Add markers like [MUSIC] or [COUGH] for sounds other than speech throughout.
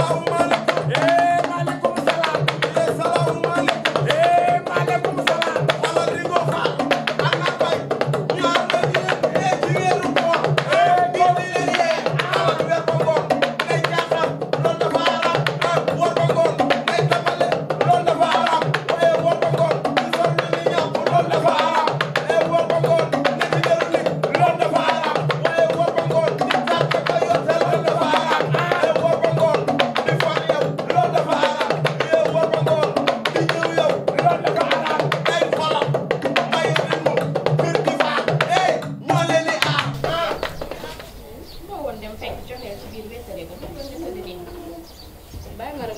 Oh, my.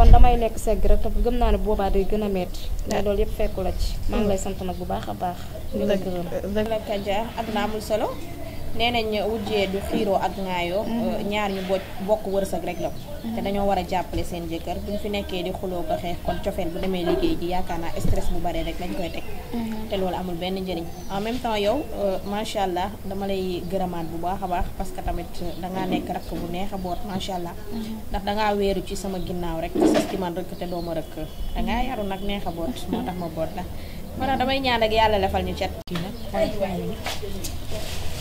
kon damay lekk segg rek te gëm naa ne boobaa day gën a metti mais loolu yëpp fekku la ci maa ngi lay sant nag bu baax a baax. dëgg la dëgg la Kaja am na amul selo nee ñu wujé du firo ak ngaayo mhm. euh, ñaar ñu bokk wërsëg rek la mhm. té dañoo wara jappalé seen jëkkër buñ fi nekké di xulo ba xex kon cofeel bu démé liggéey ji yaakaar stress bu bari rek lañ koy tek mhm. té loolu amul benn jëriñ en même temps yow sha euh, allah dama lay gërëmaat bu baaxa baax parce que tamit euh, nga nekk rak bu neexa a ma sha allah ndax nga wéeru ci sama ginnaw rek sas ci man rek té dooma da nga yaru nak neexa a boot moo ma boot la wala damay ñaan ak yàlla lefal ñu ciat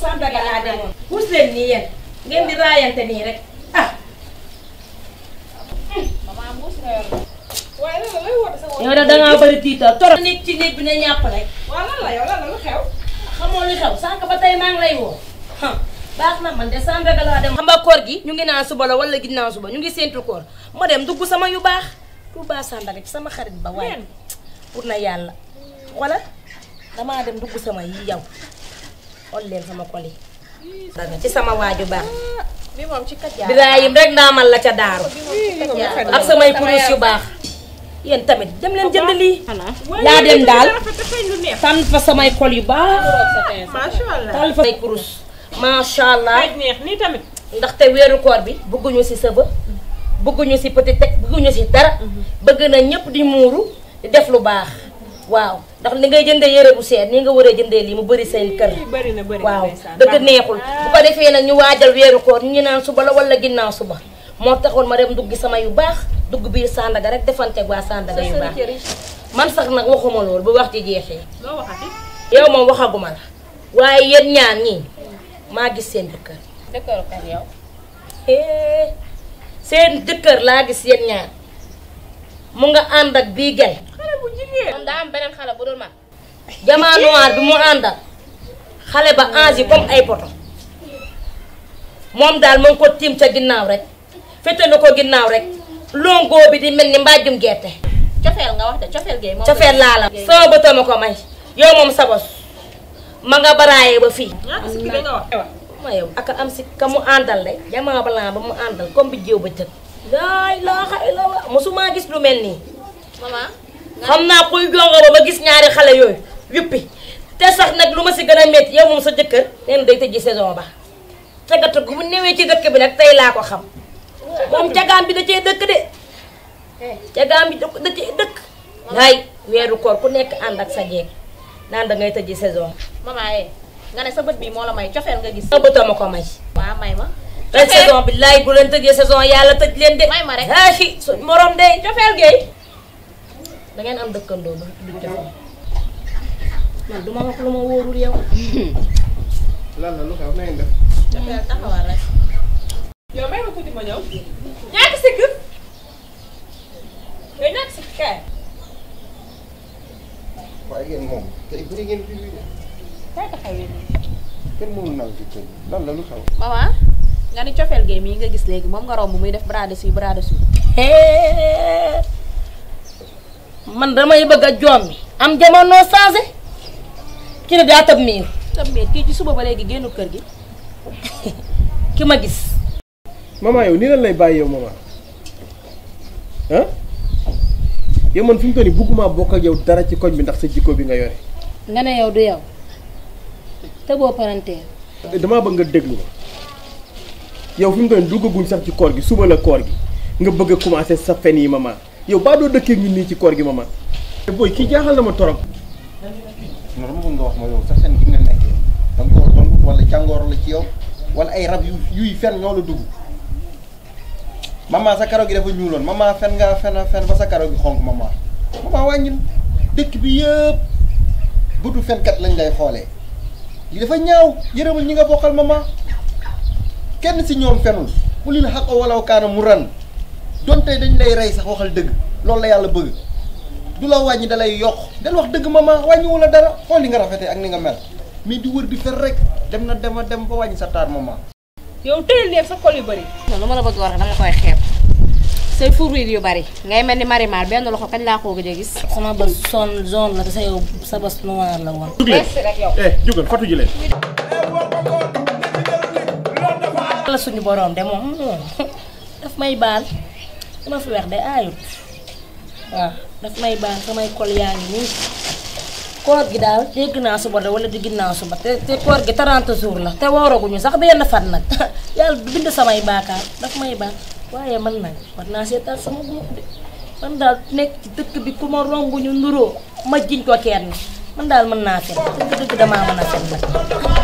Sandaga laa demoon xuus nii yéen ngeen di raayante nii rek ah. maman mbuus da dangaa bëri tiital torop nekk ci néeg bi ne ñàpp rek. waaw sànq ba tey lay baax na man de Sandaga laa demoon. xam nga koor gi ñu ngi naan suba la wala ginnaaw suba ñu ngi séntu koor ma dem dugg sama yu baax Touba Sandaga ci sama xarit ba waaye. pour na yàlla wala damaa dem dugg sama yi yow. xool leen sama kol yi. ci sama waaju baax. bi moom ci kat Birahim rek ndaamal la ca daaru. ak samay kurus yu baax. yéen tamit dem leen jënd lii. yaa dem daal. tànn fa samay kol yu baax. macha allah tànn fa samay kurus. macha allah nii tamit. ndaxte weeru koor bi bëgguñu si sëba. bëgguñu si petit teg bëgguñu si dara. Mhm. bëgg na ñëpp di muuru di def lu baax. waaw ndax li ngay jëndee yére bu seet ni nga war a jëndee lii mu bëri seen kër waaw dëgg neexul ah. bu ko defee nag ñu waajal weeru koor ñu naan suba la wala ginnaaw suba moo taxoon ma dem dugg sama yu baax dugg biir Sandaga rek defante waa Sandaga yu baax man sax nag waxuma loolu bu wax ci jeexee yow moom waxaguma la waaye yéen ñaar ñii maa gis seen jëkkër jëkkëru kan yow eh, seen dëkkër laa gis yéen ñaar mu nga ànd ak bii gel jigéen moom daa am beneen xale bu dul man jamaa noir bi mu àndal xale ba ange comme ay poto moom daal ma ko tiim ca ginnaaw rek fete na ko ginnaaw rek longo bi di mel ni mbàjjum gerte cofeel nga wax de cofeel gay moom cofeel laa la sama bëtam a ko may yow moom sa bos ma nga baraaye ba fii ma yow ak am si ka mu àndal de jamaa balaa ba mu àndal comme bi jiw ba jëkk laay gis lu mel nii xam naa kuy jongo ba gis ñaari xale yooyu yuppi te sax nag lu ma si gën a métti yow moom sa jëkkër neen day tëjji saison ba cagatu gu mu newee ci dëkk bi nag tey laa ko xam moom cagaam bi da cee dëkk de cagaam bi da cee dëkk ngay weeru koor ku nekk ànd ak sa jeeg naan da ngay tëjji saison maman ye eh, nga ne sa bët bii moo la may cofeel nga gis sa bëta ma ko may waaw may ma ren saison bi laay bu leen tëjee saison yàlla tëj leen di may ma de cofeel géey da ngeen am dëkkandoo du nah, du man wax lu ma yow. lan la lu xew na def. dafay taxawal rek. yow may ma tuuti ma ñëw. ñaata si gëf. nga ñaata si kaay. waaye ngeen moom bëri ngeen fi muy def. kay taxawee kenn mënul ci kër lan la lu xew. maman nga ni man damay bëgg a jommi am jamono changé ki ne tëb miir tëb miir kii ci suba ba léegi génnu kër gi [LAUGHS] ki ma gis maman yow nii lan lay bàyyi yow maman ah yow man fi mu toll nii bëgguma yow dara ci koñ bi ndax sa jikko bi nga yore nga ne yow du yow tëboo parenteer damaa bëgg nga déglu ma yow fi mu toll nii sax ci koor gi suba la koor gi nga bëgg a commencé sa fen yi maman yow baa doo dëkkee ngi nii ci koor gi ma te eh, booy kii jaaxal na ma torop non dama sax seen gi nga nekkee da jàngoor la ci yow wala ay rab yu yuy fen ñoo la dugg maman sa karaw gi dafa ñuuloon maman fen nga fen fen ba sa karaw gi xonk maman maman wàññil dëkk bi yëpp bëtu fenkat lañ lay xoolee li dafa ñaaw yërëmal ñi nga bokkal maman kenn si ñoom fenul ku lil xaq walaw kaana mu ran donte dañ lay rey sax waxal dëgg loolu la yàlla bëgg du la wàññi da lay yokk del wax dëgg maman wàññiwu la dara xool li nga rafetee ak ni nga mel mais di wër di fer rek dem na dem a dem ba wàññi sa taar maman. yow tëjal neef sa xol yu bëri. non lu ma la bëgg wax dama koy xeeb say fourrir yu bëri ngay mel ni marimar benn loxo kañ laa ko gëj a gis. sama bës son zone la te sa yow sa bës noir la woon. jug leen eh jugal fatu ji leen. la suñu borom de moom [LAUGHS] daf may baal. li ma fi weex de aayut waa daf may baan samay kol yaa ngi nii koor gi daal dégg naa suba da wala di ginnaaw suba te te koor gi 30 jours la te wooraguñu sax benn fan nag [LAUGHS] yàlla bind samay baakaar daf may baan waaye man nag war naa seetaan sama góob de man daal nekk ci dëkk bi ku ma ronguñu nduroo ma jiñ ko kenn man daal mën naa fen dëgg dëgg damaa mën a fen nag